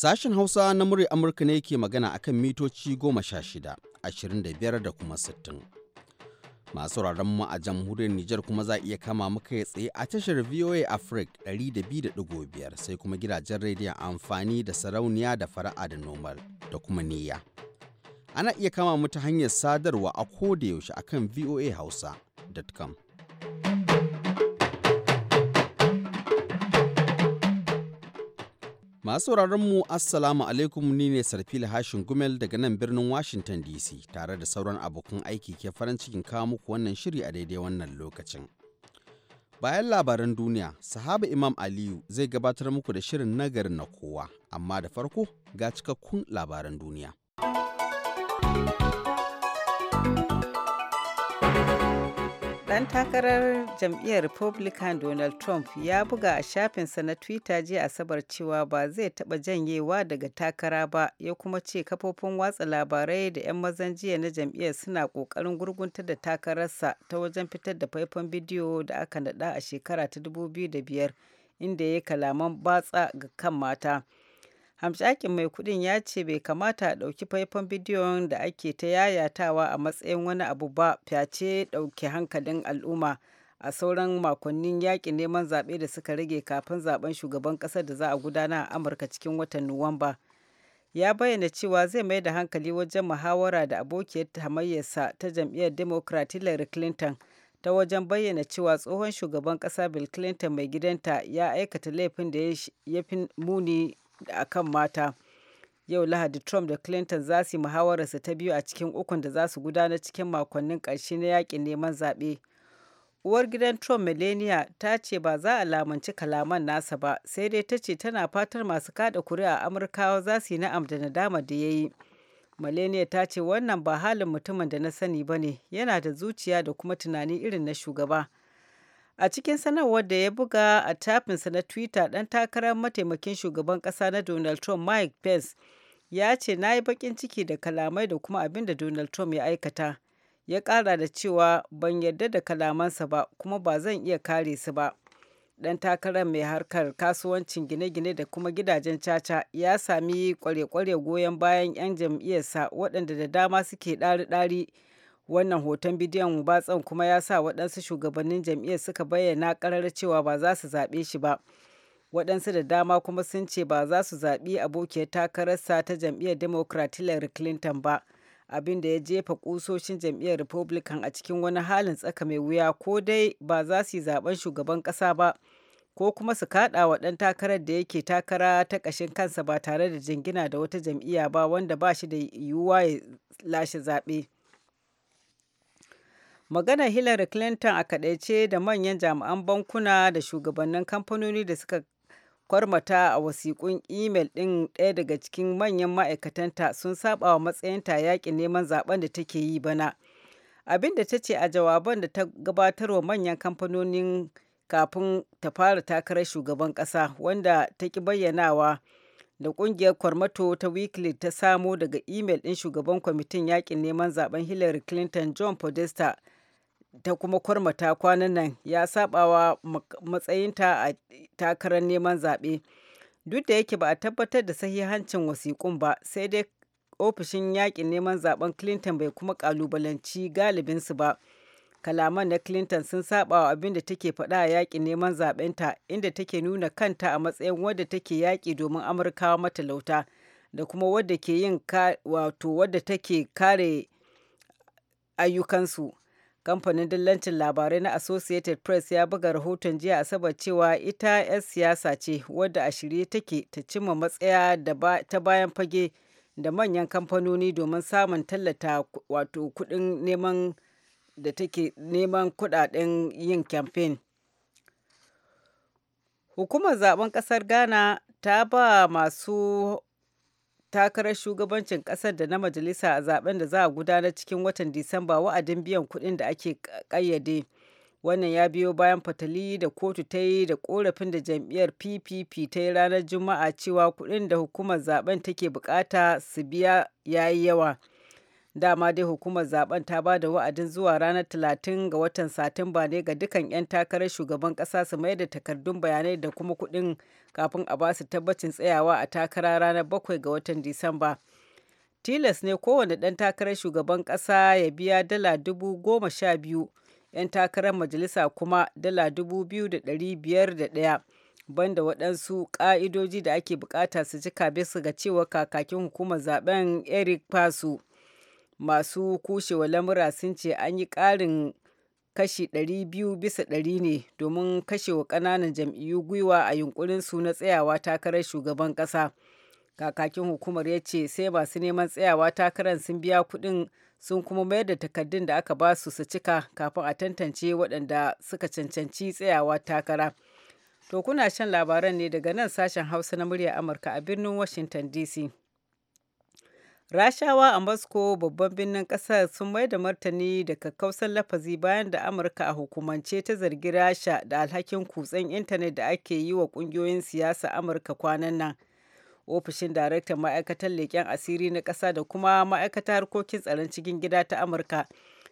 Sashen Hausa na murya Amurka ne ke magana kan mitoci goma sha shida, ashirin da biyar da kuma sittin. Masu mu a jamhuriyar Nijar kuma za iya kama muka ya tsaye a tashar VOA Africa 200.5 sai kuma gidajen rediyon amfani da sarauniya da fara'a da nomal da kuma niyya. Ana iya kama mu ta hanyar sadarwa a kodayaushe akan voahausa.com. Masu mu Assalamu alaikum ni ne Sarfila Hashin Gumel daga nan birnin Washington DC tare da sauran abokan aiki ke farin cikin kawo muku wannan shiri a daidai wannan lokacin. Bayan labaran duniya, sahaba Imam Aliyu zai gabatar muku da shirin nagarin na kowa, amma da farko ga cikakkun labaran duniya. dan takarar jam'iyyar Republican Donald Trump ya buga a shafinsa na Twitter jiya Asabar cewa ba zai taɓa janyewa daga takara ba, ya kuma ce kafofin watsa labarai da 'yan mazan jiya na jam'iyyar suna ƙoƙarin gurgunta da takararsa ta wajen fitar da faifan bidiyo da aka nada a shekara ta 2005 inda ya kalaman batsa ga kan mata. hamshakin mai kudin ya ce bai kamata a ɗauki faifan bidiyon da ake ta yayatawa a matsayin wani abu ba fyace ɗauke hankalin al'umma a sauran makonnin yakin neman zaɓe da suka rage kafin zaben shugaban ƙasar da za a gudana a amurka cikin watan nuwamba ya bayyana cewa zai mai da hankali wajen muhawara da abokiyar hamayyarsa ta jam'iyyar democrat hillary clinton ta wajen bayyana cewa tsohon shugaban ƙasa bill clinton mai gidanta ya aikata laifin da ya fi muni a kan mata yau lahadi trump da clinton za su yi muhawararsa ta biyu a cikin ukun da za su gudana cikin makonnin ƙarshe na yakin neman zaɓe uwar gidan trump melania ta ce ba za a lamunci kalaman nasa ba sai dai ta ce tana fatar masu kada kuri'a amurkawa za su yi na'am da nadama da ya yi melania ta ce wannan ba halin mutumin da na sani ba ne yana da zuciya da kuma tunani irin na shugaba A cikin sanarwar da ya buga a tafinsa na Twitter, dan takarar mataimakin shugaban ƙasa na Donald Trump, Mike Pence, ya ce na yi bakin ciki da kalamai da kuma abin da Donald Trump ya aikata. Ya ƙara da cewa ban yarda da kalamansa ba kuma ba zan iya kare su ba. dan takarar mai harkar kasuwancin gine-gine da kuma gidajen caca ya sami kware-kware goyon bayan 'yan jam'iyyarsa waɗanda da dama suke ɗari-ɗari wannan hoton bidiyon batsan kuma ya sa waɗansu shugabannin jam'iyyar suka bayyana ƙarar cewa ba za su zaɓe shi ba waɗansu da dama kuma sun ce ba za su zaɓi abokiyar takararsa ta jam'iyyar democrat hillary clinton ba abin da ya jefa kusoshin jam'iyyar republican a cikin wani halin tsaka mai wuya ko dai ba za su yi zaben shugaban ƙasa ba ko kuma su kaɗa wa ɗan takarar da yake takara ta ƙashin kansa ba tare da jingina da wata jam'iyya ba wanda ba shi da yiwuwa ya lashe zaɓe. magana Hillary Clinton a kaɗaice da manyan jami'an bankuna da shugabannin kamfanoni da suka kwarmata a wasiƙun imel ɗin ɗaya daga cikin manyan ma'aikatanta sun saba wa matsayinta yaƙin neman zaben da take yi bana. Abin da ta ce a jawaban da ta gabatar wa manyan kamfanonin kafin ta fara takarar shugaban ƙasa wanda ta ki bayyanawa da ƙungiyar kwarmato ta weekly ta samo daga imel ɗin shugaban kwamitin yaƙin neman zaben Hillary Clinton John Podesta ta kuma kwarmata kwanan nan ya sabawa matsayinta a takarar neman zaɓe duk da yake ba a tabbatar da sahihancin wasiƙun ba sai dai ofishin yakin neman zaben clinton bai kuma kalubalanci galibinsu ba kalaman na clinton sun saba wa abin da take faɗa a yakin neman zaɓenta inda take nuna kanta a matsayin wadda take yaƙi domin amurkawa matalauta da kuma wadda ke yin wato wadda take kare ayyukansu kamfanin dillancin labarai na associated press ya buga rahoton jiya asabar cewa ita 'yar siyasa ce wadda a shirye take ta cimma matsaya ta bayan fage da manyan kamfanoni domin samun tallata wato kudin neman da take neman kudaden yin campaign hukumar zaben kasar ghana ta ba masu takarar shugabancin kasar da na majalisa a zaben da za a gudanar cikin watan disamba wa'adin biyan kuɗin da ake ƙayyade wannan ya biyo bayan fatali da kotu ta yi da korafin da jam'iyyar ppp ta yi ranar juma'a cewa kuɗin da hukumar zaben take bukata su biya ya yi yawa dama dai hukumar zaben ta ba da wa'adin zuwa ranar talatin ga watan satumba ne ga dukkan 'yan takarar shugaban kasa su mai da takardun bayanai da kuma kudin kafin a ba su tabbacin tsayawa a takara ranar bakwai ga watan disamba tilas ne kowane ɗan takarar shugaban ƙasa ya biya dala dubu goma sha biyu 'yan takarar majalisa kuma dala dubu biyu da ɗari biyar da ɗaya banda waɗansu ƙa'idoji da ake bukata su ji su ga cewa kakakin hukumar zaben eric pasu masu kushewa lamura sun ce an yi ƙarin kashi 200 bisa ɗari ne domin kashewa ƙananan jam'iyyu gwiwa a su na tsayawa takarar shugaban ƙasa. Kakakin hukumar ya ce sai masu neman tsayawa takarar sun biya kuɗin sun kuma mayar da takardun da aka ba su su cika kafin a tantance waɗanda suka cancanci tsayawa takara. To kuna shan labaran ne daga nan sashen Hausa na murya Amurka a birnin Washington DC. Rashawa a Moscow babban birnin kasar sun mai da martani daga kausan lafazi bayan da Amurka a hukumance ta zargi Rasha da alhakin kutsen intanet da ake yi wa kungiyoyin siyasa Amurka kwanan nan. Ofishin Daraktan ma'aikatar Leƙen Asiri na ƙasa da kuma ma'aikata Harkokin Tsaron Cikin Gida ta Amurka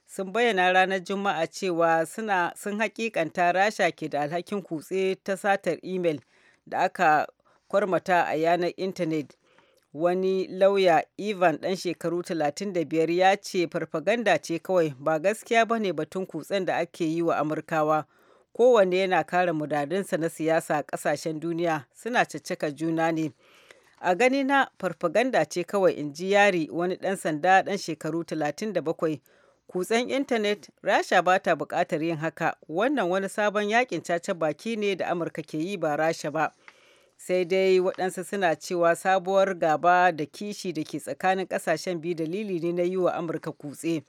sun bayyana ranar Juma'a cewa suna sun hakikanta Rasha ke da alhakin kutse ta satar imel da aka kwarmata a yanar intanet. wani lauya ivan ɗan shekaru 35 ya ce farfaganda ce kawai ba gaskiya ba ne batun kutsen da ake yi wa amurkawa kowanne yana kare mudadinsa na siyasa a kasashen duniya suna caccaka juna ne a gani na farfaganda ce kawai in ji yari wani ɗan sanda dan shekaru 37 kutsen intanet rasha ba ta bukatar yin haka wannan wani sabon yakin cace baki ne da amurka ke yi ba rasha ba sai dai waɗansu suna cewa sabuwar gaba da kishi da ke tsakanin ƙasashen biyu dalili ne na yi wa amurka kutse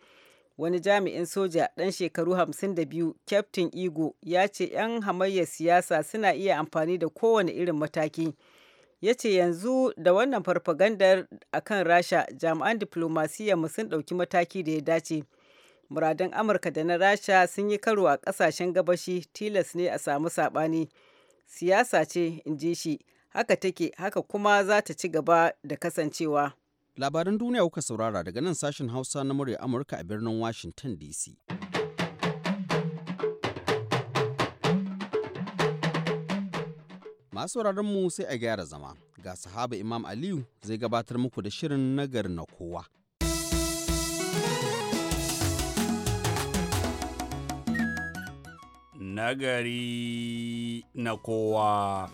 wani jami'in soja ɗan shekaru 52 captain igo ya ce 'yan hamayyar siyasa suna iya amfani da kowane irin mataki ya ce yanzu da wannan farfagandar a kan rasha jami'an mu sun ɗauki mataki da ya dace muradan amurka da na rasha sun yi karo a ƙasashen gabashi tilas ne a samu saɓani. siyasa ce in ji shi haka take haka kuma za ta ci gaba da kasancewa. Labaran duniya kuka saurara daga nan sashen Hausa na murya Amurka a birnin Washington DC. Masu mu sai a gyara zama, ga sahaba Imam Aliyu zai gabatar muku da shirin nagari na kowa. nagari na kowa.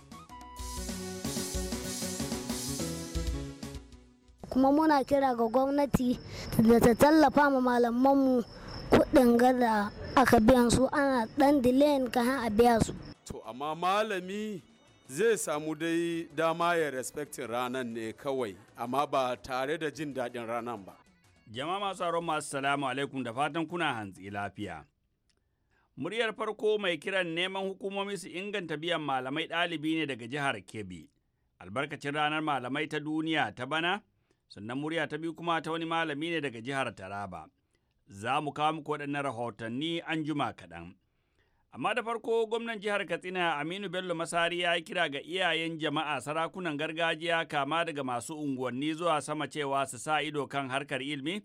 Kuma muna kira ga gwamnati da ta tallafa ma malamanmu kuɗin gada aka biyan su ana ɗan dilayin a biya su. To amma malami zai samu dai dama ya respectin ranar ne kawai amma ba tare da jin daɗin ranar ba. Jama'a masu masu salamu alaikum da fatan kuna hantsi lafiya. Muryar farko mai kiran neman hukumomi su inganta biyan malamai ɗalibi ne daga jihar Kebbi. Albarkacin ranar malamai ta duniya ta bana, sannan murya ta biyu kuma ta wani malami ne daga jihar Taraba. Za mu kawo muku waɗannan rahotanni an juma kaɗan. Amma da farko gwamnan jihar Katsina Aminu Bello Masari ya yi kira ga iyayen jama'a sarakunan gargajiya kama daga masu unguwanni zuwa sama cewa su sa ido kan harkar ilimi.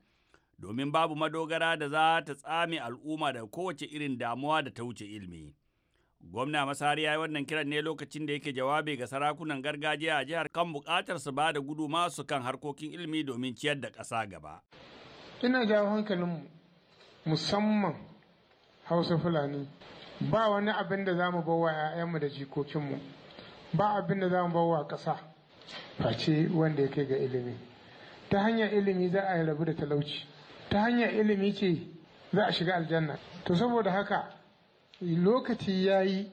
domin babu madogara da za ta tsame al'umma da kowace irin damuwa da ta wuce ilimi. Gwamna Masari ya yi wannan kiran ne lokacin da yake jawabi ga sarakunan gargajiya a jihar kan bukatar su ba da gudu masu kan harkokin ilimi domin ciyar da ƙasa gaba. Ina jawo hankalinmu musamman Hausa Fulani ba wani abin da za mu bawa 'ya'yanmu da jikokinmu ba abin da za mu bawa ƙasa face wanda ya kai ga ilimi. Ta hanyar ilimi za a yi rabu da talauci. ta hanyar ilimi ce za a shiga aljanna to saboda haka lokaci ya yi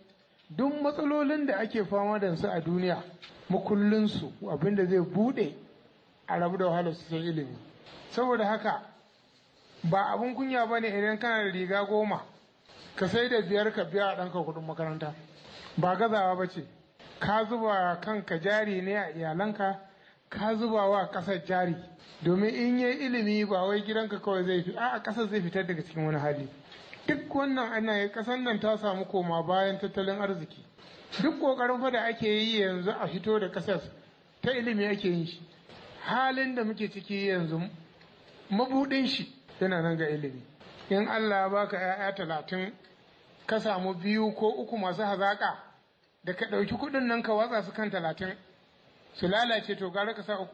duk matsalolin da ake fama da su a duniya makullinsu abinda zai bude a rabu da wahalar su sai ilimi saboda haka ba abin kunya ba ne idan kana da riga goma ka sai da biyar ka biya a ɗanka kuɗin makaranta ba gazawa ba ce ka zuba kanka jari ne a iyalanka ka zuba wa ƙasar jari domin in yi ilimi ba wai gidanka kawai zai fi a ƙasar zai fitar daga cikin wani hali duk wannan ana yi ƙasar nan ta samu koma bayan tattalin arziki duk ƙoƙarin fa da ake yi yanzu a fito da ƙasar ta ilimi ake yin shi halin da muke ciki yanzu mabuɗin shi yana nan ga ilimi in Allah ya baka 'ya'ya talatin ka samu biyu ko uku masu hazaƙa da ka ɗauki kuɗin nan ka watsa su kan talatin su lalace to gara ka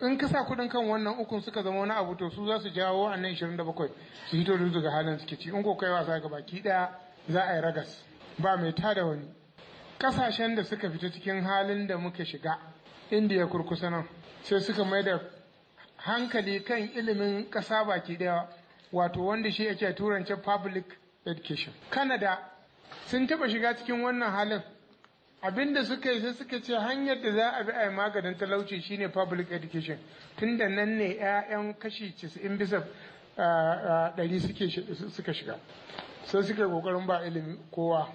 in ka sa kuɗin kan wannan ukun suka zama wani abu to su za su jawo a nan 27 su hito da daga halin suke ci in ko kai wasa ga baki ɗaya za a yi ragas ba mai tada wani kasashen da suka fita cikin halin da muka shiga indiya kurkusa nan sai suka mai da hankali kan ilimin kasa baki ɗaya wato wanda shi yake turance public education Kanada sun taɓa shiga cikin wannan halin abinda suka yi sai suka ce hanyar da za a bi a yi maganin talauci shine public education tunda nan ne 'ya'yan kashi 90 bisa ɗari suka shiga sai suka yi ƙoƙarin ba ilimi kowa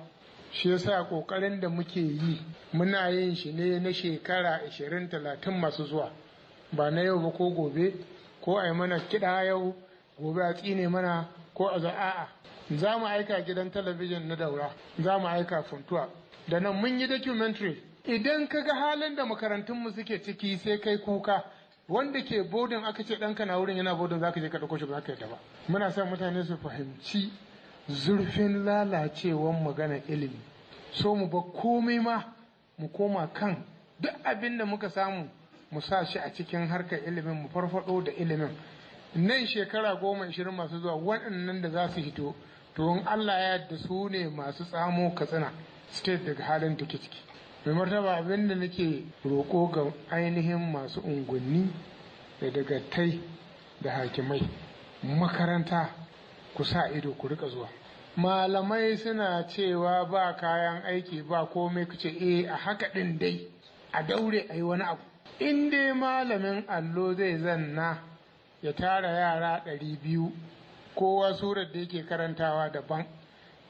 shi yasa ƙoƙarin da muke yi muna yin shi ne na shekara 20-30 masu zuwa ba na yau ba ko gobe ko a yi mana kiɗa yau gobe a tsine mana ko a a'a. za mu aika gidan talabijin na daura za mu aika funtuwa da nan mun yi documentary idan ka ga halin da makarantunmu suke ciki sai kai kuka wanda ke bodin aka ce ɗanka na wurin yana bodin zaka je ka ɗauko shi ba ka yadda ba muna sa mutane su fahimci zurfin lalacewan magana ilimi so mu ba komai ma mu koma kan duk abin da muka samu mu sa shi a cikin harkar ilimin mu farfado da ilimin nan shekara goma ishirin masu zuwa waɗannan da za su hito to in Allah ya yarda su ne masu tsamo katsina state daga halin da ke ciki mai martaba abin da nake roƙo ga ainihin masu unguwanni da dagatai da hakimai makaranta ku sa ido ku rika zuwa malamai suna cewa ba kayan aiki ba komai ku ce eh a haka ɗin dai a daure a yi wani abu in dai malamin allo zai zanna ya tara yara ɗari biyu kowa surar da yake karantawa daban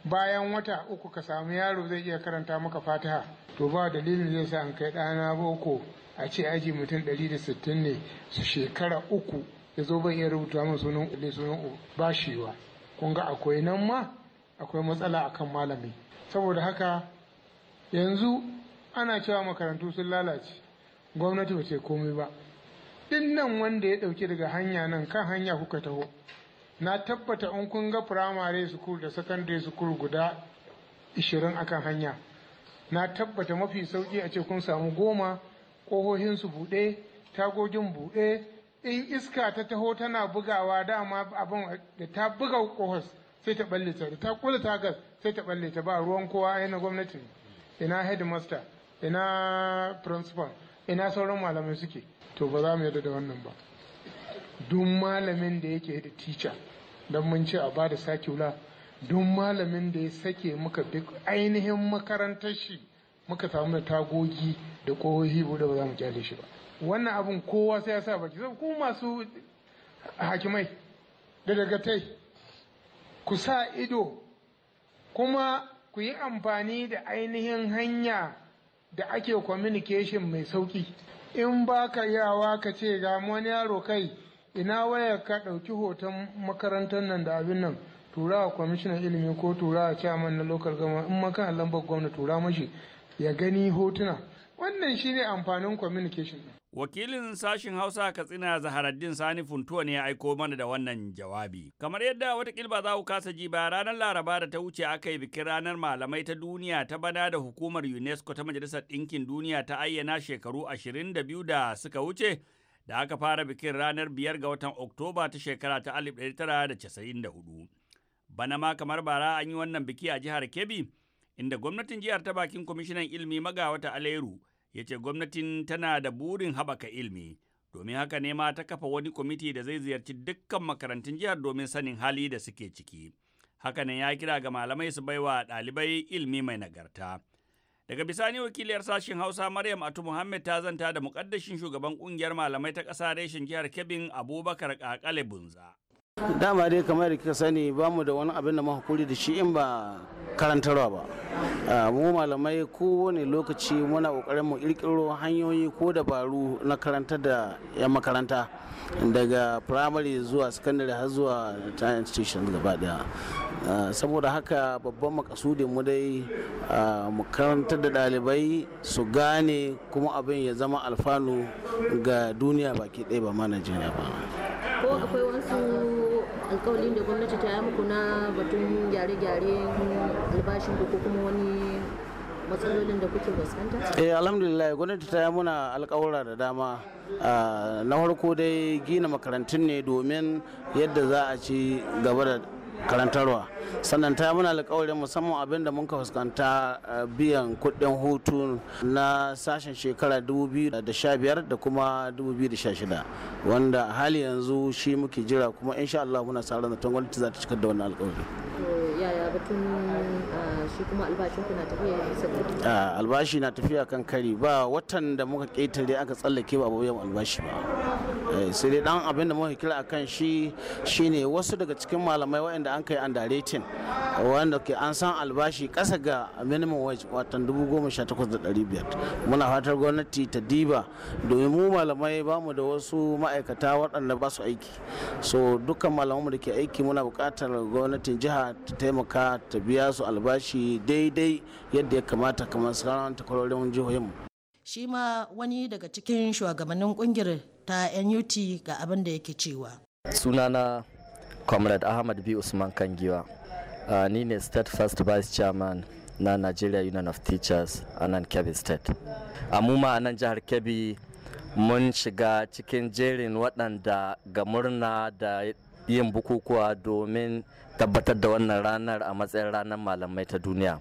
bayan wata uku ka samu yaro zai iya karanta maka fatiha to ba dalilin zai sa an kai ɗana boko a ce aji mutum 160 ne su shekara uku ya zo ban iya rubuta min sunan ɗale sunan wa kun ga akwai nan ma akwai matsala akan malami saboda haka yanzu ana cewa makarantu sun lalace gwamnati ba ce komai ba din nan wanda ya ɗauki daga hanya nan kan hanya kuka taho na tabbata in kun ga firamare school da secondary school guda 20 akan hanya na tabbata mafi sauki a ce kun samu goma su buɗe tagogin buɗe in iska ta taho tana bugawa dama abin da ta buga ƙohos sai ta balle ta ta kula tagas sai ta balle ta ba ruwan kowa na gwamnati ina headmaster ina principal ina sauran malamai suke to ba za mu yarda da wannan ba duk malamin da yake da teacher don mun ce a ba da sakula don malamin da ya sake muka duk ainihin makarantar shi muka samu da tagogi da ƙohohi da ba za mu kyale shi ba wannan abin kowa sai ya sa baki zai ku masu hakimai da daga tai ku sa ido kuma ku yi amfani da ainihin hanya da ake communication mai sauki in ba ka yawa ka ce ga wani yaro kai ina waya ka ɗauki hoton makarantar nan da abin nan tura a kwamishinan ilimi ko tura a chairman na local gama in makan lambar gwamna tura mashi ya gani hotuna wannan shine amfanin communication Wakilin sashen Hausa Katsina Zaharaddin Sani Funtuwa ne ya aiko mana da wannan jawabi. Kamar yadda watakil ba za ku kasa ji ba ranar Laraba da ta wuce aka yi bikin ranar malamai ta duniya ta bana da hukumar UNESCO ta Majalisar Ɗinkin Duniya ta ayyana shekaru 22 da suka wuce da aka fara bikin ranar biyar ga watan Oktoba ta shekara ta 1994. Bana ma kamar bara an yi wannan biki a jihar Kebbi, inda gwamnatin jihar ta bakin kwamishinan ilmi magawata Aleru ya ce gwamnatin tana da burin haɓaka ilmi. Domin haka ne ma ta kafa wani kwamiti da zai ziyarci dukkan makarantun jihar domin sanin hali da suke ciki. Hakanan ya kira ga malamai su baiwa ɗalibai ilmi mai nagarta. Daga bisani wakiliyar sashen Hausa Maryam Atu Muhammad ta zanta da muƙaddashin shugaban ƙungiyar malamai ta ƙasa reshen jihar Kebbi Abubakar Kakale Bunza. dama dai kamar da kika sani ba mu da wani abin da hakuri da shi in ba karantarwa ba mu malamai kowane lokaci muna kokarin mu kirkiro hanyoyi ko dabaru na karantar da 'yan makaranta daga primary zuwa secondary har zuwa retirement station gaba daya saboda haka babban makasudin mu dai mu karantar da dalibai su gane kuma abin ya zama alfanu ga duniya baki ɗaya ba ma najeriya ba ko akwai wasu alkawalin da gwamnati ta yi muku na batun gyare-gyare albashin ko kuma wani matsalolin da kuke fuskanta? Eh alhamdulillah gwamnati ta yi muna alkawura da dama ah, na farko dai gina makarantun ne domin yadda za a ci gaba da karantarwa sannan ta muna alkawarin musamman abin da muka fuskanta eh, biyan kuɗin hutu na sashen shekara 2015 da kuma 2016 wanda hali yanzu shi muke jira kuma insha Allah muna sa ran da gwamnati za ta cikar da wannan alkawari yaya batun eh, shi kuma albashin ku na tafiya ya isa a albashi na tafiya kan kari ba watan da muka ƙetare aka tsallake ba bayan albashi ba eh, sai dai dan abin da muka kira akan shi shine wasu daga cikin malamai waɗanda an kai andaretin wanda ke an san albashi ƙasa ga minimum wage watan dubu goma sha takwas da ɗari biyar muna fatar gwamnati ta diba domin mu malamai ba mu da wasu ma'aikata waɗanda ba su aiki so dukkan malamanmu da ke aiki muna buƙatar gwamnatin jiha ta taimaka ta biya su albashi daidai yadda ya kamata kamar sauran takwarorin jihohin shi ma wani daga cikin shugabannin kungiyar ta nut ga abin da yake cewa sunana comrade ahmad b usman kangiwa uh, ni ne state first vice chairman na nigeria union of teachers a nan kebbi state amuma a nan jihar kebbi mun shiga cikin jerin waɗanda ga murna da yin bukukuwa domin tabbatar da wannan ranar a matsayin ranar malamai ta duniya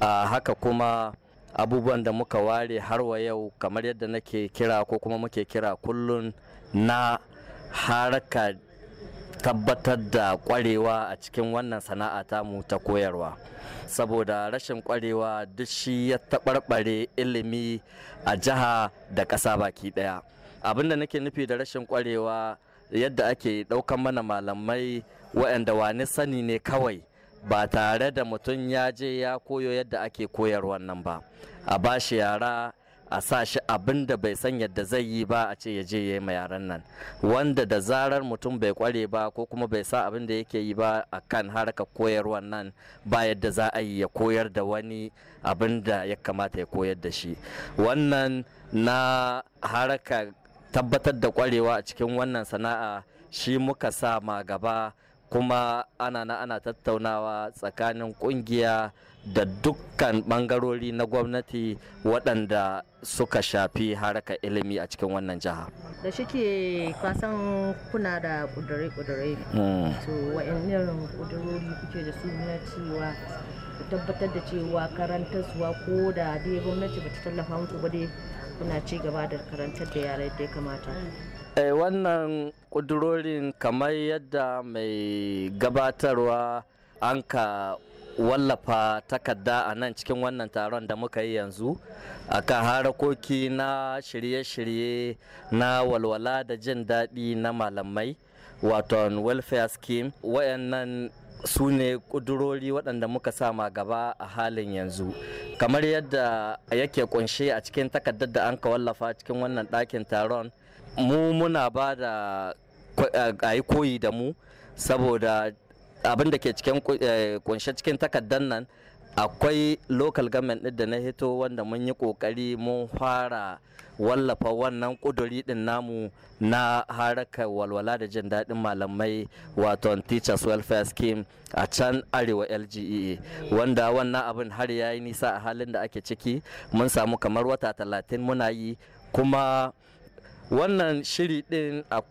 haka kuma abubuwan da muka ware har wa yau kamar yadda nake kira ko kuma muke kira kullum na haraka tabbatar da kwarewa a cikin wannan sana'a tamu ta koyarwa saboda rashin kwarewa duk shi ya taɓarɓare ilimi a jiha da ƙasa baki ɗaya abinda nake nufi da rashin kwarewa yadda ake ɗaukan mana malamai waɗanda wani sani ne kawai ba tare da mutum ya je ya koyo yadda ake koyar wannan ba a ba shi yara a sa shi abin da bai san yadda zai yi ba a ce ya je ya yi yaran nan wanda da zarar mutum bai kware ba ko kuma bai sa abin da yake yi ba a kan harkar koyar nan ba yadda za a yi ya koyar da wani abin da ya kamata ya koyar da shi wannan na harkar tabbatar da kwarewa a cikin wannan sana'a shi muka sa ma gaba kuma ana na ana tattaunawa tsakanin kungiya da dukkan bangarori na gwamnati waɗanda suka shafi haraka ilimi a cikin wannan jiha da ke kasan kuna da kudure-kudure hmm. to wa'in irin ƙudurori kuke da su na cewa ku tabbatar da cewa karantarsuwa ko da dai gwamnati bata tallafa muku ba dai kuna ci gaba da karantar da yara yadda ya kamata eh, wannan kudurorin kamar yadda mai gabatarwa an ka wallafa takarda a nan cikin wannan taron da muka yi yanzu a kan harakoki na shirye-shirye na walwala da jin daɗi na malamai wato welfare scheme wayannan su ne ƙudurori waɗanda muka sama gaba a halin yanzu kamar yadda yake kunshe a cikin takardar da an ka wallafa cikin wannan ɗakin taron mu muna ba da eh, a yi koyi da mu saboda abin da ke cikin kunshe eh, cikin takardar nan akwai local government ɗin da na hito wanda mun yi ƙoƙari mun fara wallafa wannan kuduri ɗin namu na haraka walwala da jin daɗin malamai wato teachers welfare scheme a can arewa lgea wanda wannan abin har ya yi nisa a halin da ake ciki mun samu kamar wata talatin muna yi kuma wannan shiri ɗin a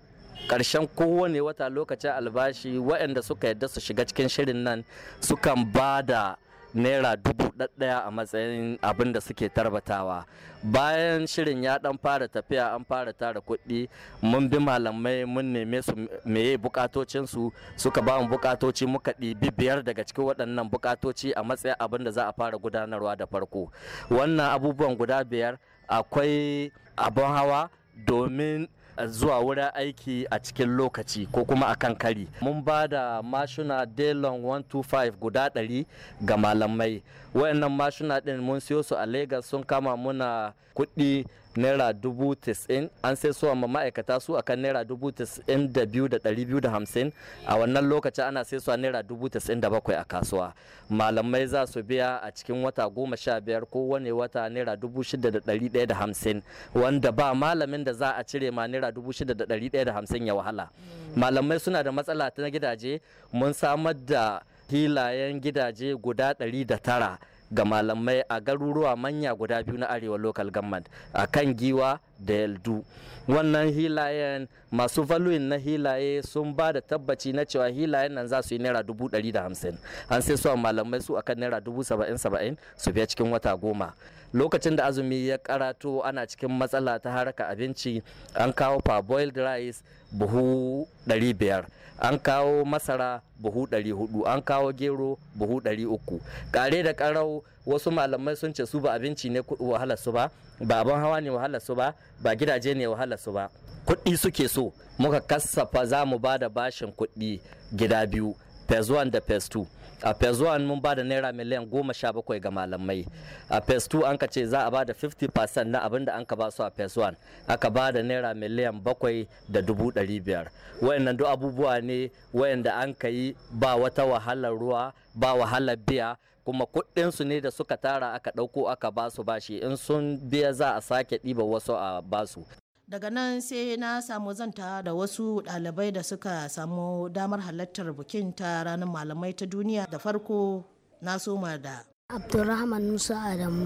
ƙarshen kowane wata lokacin albashi waɗanda suka yadda su shiga cikin shirin nan sukan bada da naira dubu ɗaya a matsayin abin da suke tarbatawa bayan shirin ya ɗan fara tafiya an fara tara kuɗi mun bi malamai mun neme su meye bukatocinsu suka ba mu bukatoci muka ɗibi biyar daga cikin waɗannan bukatoci a matsayin abin da za a fara gudanarwa da farko wannan abubuwan guda biyar akwai abin hawa domin zuwa wurin aiki a cikin lokaci ko kuma akan kari mun ba da mashina delon 125 guda 100 ga malamai wayannan mashina din mun siyo su a lagos sun kama muna kuɗi naira dubu tis'in an sai so ma ma'aikata su akan naira dubu tis'in da biyu da ɗari biyu da hamsin a wannan lokaci ana sai suwa naira dubu tis'in da bakwai a kasuwa malamai za su biya a cikin wata goma sha biyar ko wani wata naira dubu shida da ɗari ɗaya da hamsin wanda ba malamin da za a cire ma naira dubu shida da ɗari ɗaya da hamsin ya wahala malamai suna da matsala ta gidaje mun samar da hilayen gidaje guda ɗari da tara ga malamai a garuruwa manya guda biyu na arewa local government a kan giwa da yaldu wannan hilayen masu valuin na hilaye sun ba da tabbaci na cewa hilayen nan za su yi naira dubu ɗari da hamsin an sai su malamai su akan naira dubu saba'in saba'in su biya cikin wata goma lokacin da azumi ya karato ana cikin matsala ta haraka abinci an kawo parboiled rice buhu biyar an kawo masara buhu hudu an kawo gero buhu uku kare da karau wasu malamai sun ce su ba abinci ne wahalar su ba ba abin hawa ne wahalar su ba ba gidaje ne wahalar su ba kuɗi suke so muka kassafa za mu ba da bashin kuɗi gida biyu phase 1 da phase 2 a phase 1 mun ba da naira miliyan goma sha bakwai ga malamai a phase 2 an ka ce za a ba da 50% na abin da an ka ba su a phase 1 aka ba da naira miliyan bakwai da dubu ɗari biyar wayannan duk abubuwa ne wayanda an ka yi ba wata wahalar ruwa ba wahalar biya kuma kuɗinsu ne da suka tara aka ɗauko aka basu bashi in sun biya za a sake ɗiba wasu a basu daga nan sai na samu zanta da wasu ɗalibai da suka samu damar halartar bikin ta ranar malamai ta duniya da farko na soma da abdulrahman musa adamu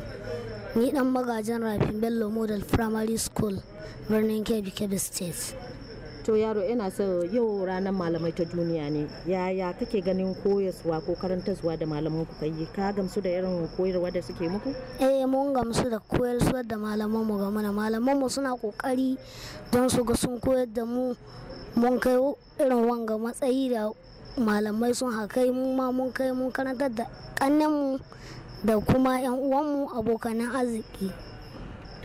ni ɗan magajin rafin bello model primary school birnin kebbi kebbi state to yaro yana so yau ranar malamai ta duniya ne yaya kake ganin koyaswa ko karantarwa da malaman ku kai ka gamsu da irin koyarwa da suke muku eh mun gamsu da koyarwa da malaman mu ga mana malaman mu suna kokari don su ga sun koyar da mu mun kai irin wanga matsayi da malamai sun hakai mu ma mun kai mun karantar da mu da kuma 'yan uwanmu abokanan arziki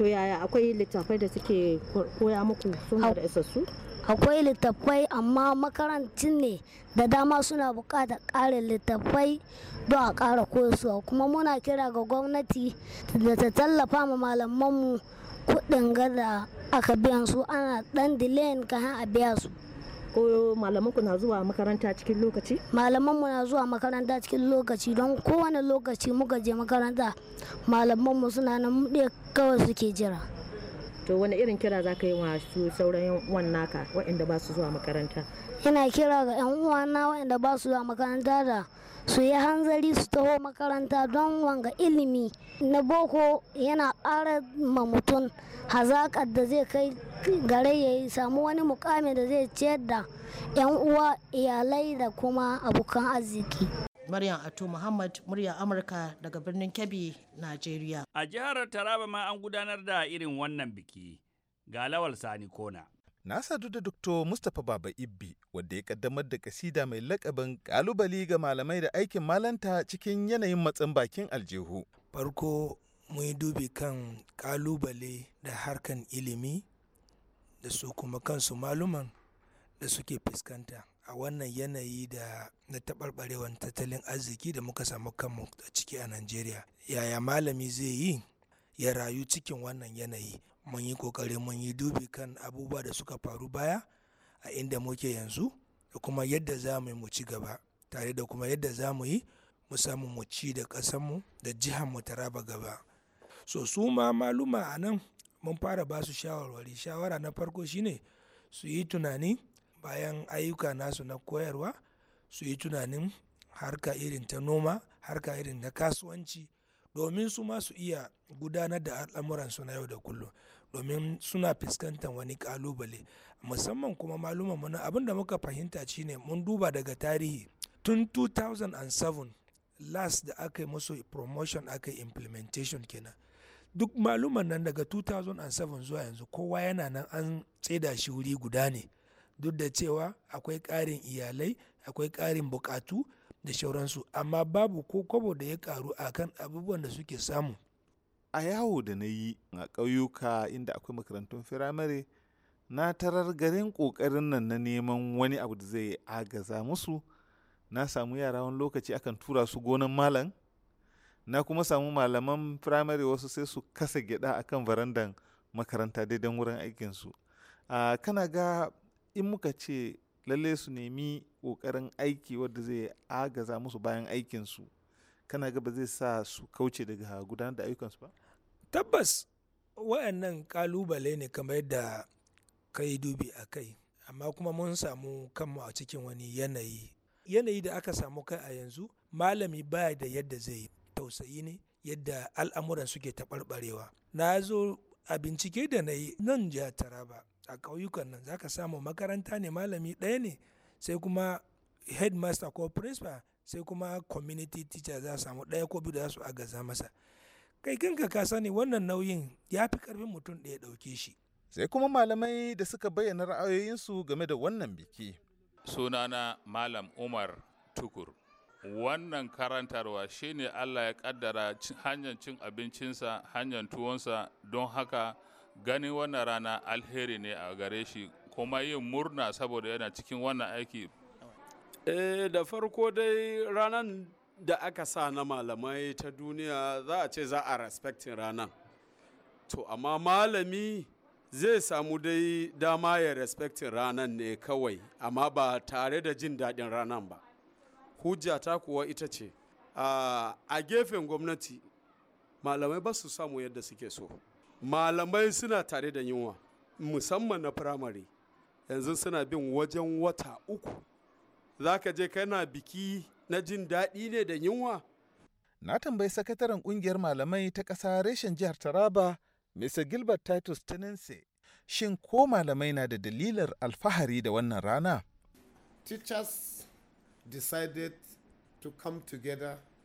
to yaya akwai littafai da suke koya muku suna da isassu akwai littattafai amma makarantun ne da dama suna buƙatar ƙarin littattafai don a ƙara koyarwa kuma muna kira ga gwamnati da ta tallafa ma malamanmu kuɗin gada aka biyan su ana ɗan dilayin kayan a biya su ko malamanku na zuwa makaranta cikin lokaci? malamanmu na zuwa makaranta cikin lokaci don kowane lokaci muka je makaranta malamanmu suna nan kawai suke jira to wani irin kira za ka yi wa su sauran yan naka waɗanda ba su zuwa makaranta ina kira ga yan uwana waɗanda ba su zuwa makaranta da su yi hanzari su taho makaranta don wanga ilimi na boko yana ƙara ma mutum hazaƙar da zai kai gare ya samu wani mukamin da zai ciyar da yan uwa iyalai da kuma abokan arziki Maryam Atu Muhammad murya Amurka daga birnin Kebbi, Najeriya. A jihar Taraba ma an gudanar da irin wannan biki. Ga Lawal Sani Kona. Na sadu da Dr. Mustapha Baba Ibbi wadda ya kaddamar da kasida mai lakabin kalubali ga malamai da aikin malanta cikin yanayin matsin bakin aljihu. Farko mun yi dubi kan kalubale da harkan ilimi da su kuma kansu maluman da suke fuskanta. a wannan yanayi da na taɓarɓarewar tattalin arziki da muka samu kanmu a ciki a Najeriya. Yaya malami zai yi ya rayu cikin wannan yanayi? Mun yi ƙoƙari mun yi dubi kan abubuwa da suka faru baya a inda muke yanzu da kuma yadda za mu yi mu ci gaba tare da kuma yadda za mu yi mu samu mu ci da ƙasanmu da jihanmu ta raba gaba. So su ma maluma a nan mun fara ba su shawarwari. Shawara na farko shine su yi tunani bayan ayyuka nasu na koyarwa su yi tunanin harka irin ta noma harka irin na kasuwanci domin su ma su iya gudanar da al'amuransu na yau da kullum domin suna fuskantar wani kalubale musamman kuma maluman mana abun da muka fahimta shine mun duba daga tarihi tun 2007 last da aka yi musu promotion aka yi implementation kenan duk maluman nan daga 2007 zuwa yanzu kowa yana nan an tseda shi wuri guda ne duk da cewa akwai ƙarin iyalai akwai ƙarin buƙatu da shauransu amma babu ko kwabo da ya ƙaru a kan abubuwan da suke samu a yawo da na yi a ƙauyuka inda akwai makarantun firamare na tarar garin ƙoƙarin nan na neman wani abu da zai agaza musu na samu yara wani lokaci akan tura su gonan malam na kuma samu malaman firamare wasu sai su kasa gyada akan barandan makaranta daidan wurin aikinsu kana ga in muka ce lalle su nemi ƙoƙarin aiki wadda zai agaza musu bayan aikinsu kana ga ba zai sa su kauce daga gudanar da ayyukansu ba tabbas wa'annan kalubale ne kamar yadda ka yi dubi a kai amma kuma mun samu kanmu a cikin wani yanayi yanayi da aka samu kai a yanzu malami baya da yadda zai tausayi ne yadda al'amuran suke taɓarɓarewa na zo a bincike da na yi nan jiya taraba a ƙauyukan nan za ka samu makaranta ne malami ɗaya ne sai kuma headmaster ko principal sai kuma community teacher za samu ɗaya ko biyu da za su agaza masa kai kanka ka sani wannan nauyin ya fi ƙarfin mutum ɗaya ɗauke shi sai kuma malamai da suka bayyana ra'ayoyinsu game da wannan biki sunana malam umar tukur wannan karantarwa shine allah ya kaddara hanyar cin abincinsa hanyar tuwonsa don haka gani wannan rana alheri ne a gare shi kuma yin murna saboda yana cikin wannan aiki eh, da farko dai ranar da aka sa na malamai ta duniya za a ce za a respectin ranar to amma malami zai samu dai dama ya respectin ranar ne kawai amma ba tare da jin daɗin ranar ba hujja ta kuwa ita ce ah, a gefen gwamnati malamai ba su samu yadda suke so malamai suna tare da yunwa musamman na firamare yanzu suna bin wajen wata uku za ka je kana biki na jin daɗi ne da yunwa na tambayi sakataren ƙungiyar malamai ta ƙasa reshen jihar taraba mr gilbert titus tenense shin ko malamai na da dalilar alfahari da wannan rana teachers decided to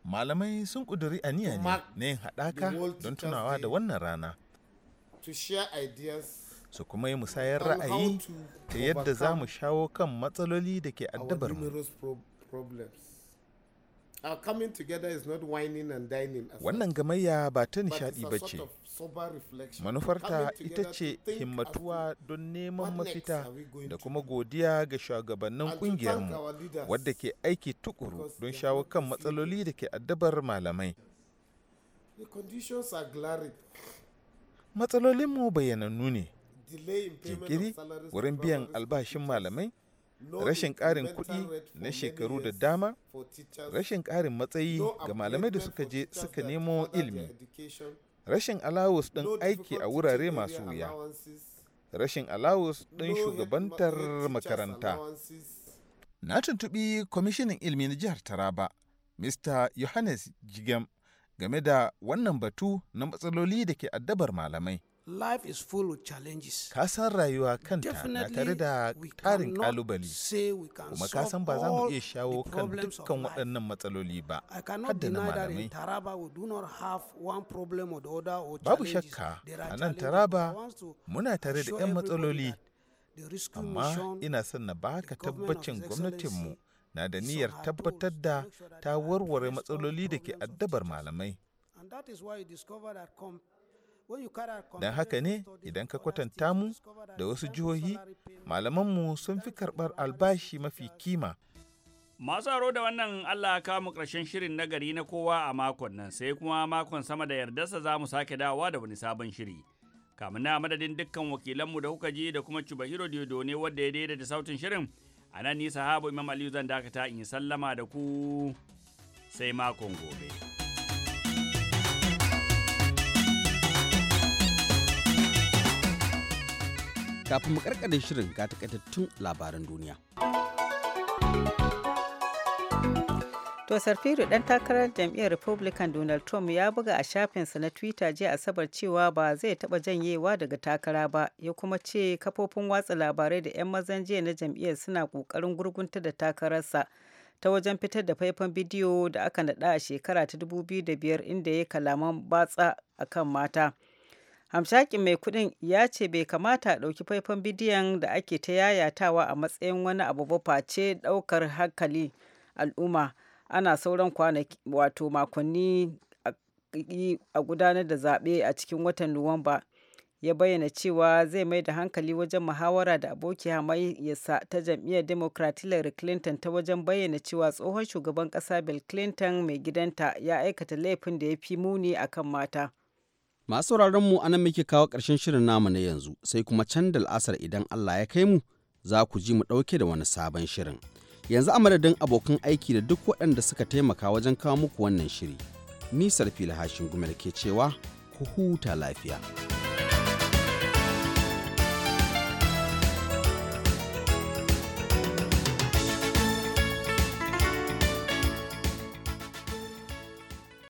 malamai sun ƙuduri aniya na yin haɗaka don tunawa da wannan rana to share ideas su kuma yi musayar ra'ayi ta yadda za mu shawo kan matsaloli da ke addabar mu. Wannan gamayya ba ta nishaɗi ba ce, manufarta ita ce himmatuwa don neman mafita da kuma godiya ga shugabannin ƙungiyarmu wadda ke aiki tukuru don shawo kan matsaloli da ke addabar malamai. The conditions are glaring. matsalolinmu bayyanannu ne jinkiri wurin biyan albashin malamai rashin ƙarin kuɗi na shekaru da dama rashin karin matsayi ga malamai da suka je suka nemo ilimi rashin alawus ɗin aiki a wurare masu wuya rashin alawus ɗin shugabantar makaranta na tuntubi kwamishinan ilimi na jihar taraba mr yohannes jigem game da wannan batu na matsaloli da ke addabar malamai. Life is full of challenges. Ka san rayuwa kanta na tare da ƙarin ƙalubale, kuma ka san ba za mu iya shawo kan dukkan waɗannan matsaloli ba, hadda na malamai. Babu shakka, a nan Taraba muna tare da 'yan matsaloli, amma ina son na baka tabbacin gwamnatinmu na da niyyar tabbatar da ta warware matsaloli da ke addabar malamai. Don haka ne idan ka kwatanta mu da wasu jihohi, malamanmu sun fi karɓar albashi mafi kima. Masu haro da wannan Allah ka mu ƙarshen shirin nagari na kowa a makon nan sai kuma makon sama da yardarsa za mu sake dawowa da wani sabon shiri. Kamuna na madadin dukkan wakilanmu da kuka ji da kuma Hiro Diodo ne wadda ya daidaita sautin shirin. a nan ni sahabu imam aliyu zan dakata in yi sallama da ku sai makon gobe kafin mu karkare shirin ga takaitattun labaran duniya. To Sarfiru dan takarar jam'iyyar Republican Donald Trump ya buga a shafinsa na Twitter jiya Asabar cewa ba zai taba janyewa daga takara ba, ya kuma ce kafofin watsa labarai da 'yan mazan jiya na jam'iyyar suna ƙoƙarin gurgunta da takararsa ta wajen fitar da faifan bidiyo da aka naɗa a shekara ta 2005 inda ya kalaman batsa akan mata. Hamshakin mai kuɗin ya ce bai kamata a ɗauki faifan bidiyon da ake ta yayatawa a matsayin wani abu ba face ɗaukar hankali al'umma. ana sauran kwanaki wato makonni a gudanar da zaɓe a cikin watan nuwamba ya bayyana cewa zai mai da hankali wajen muhawara da aboki sa ta jam'iyyar democrat hillary clinton ta wajen bayyana cewa tsohon shugaban ƙasa bill clinton mai gidanta ya aikata laifin da ya fi muni akan mata masu mu a nan muke kawo ƙarshen shirin namu na yanzu sai kuma can da al'asar idan allah ya kai mu za ku ji mu ɗauke da wani sabon shirin. Yanzu a madadin abokan aiki da duk waɗanda suka taimaka wajen kawo muku wannan shiri. Nisar fili hashin gumel ke cewa ku huta lafiya.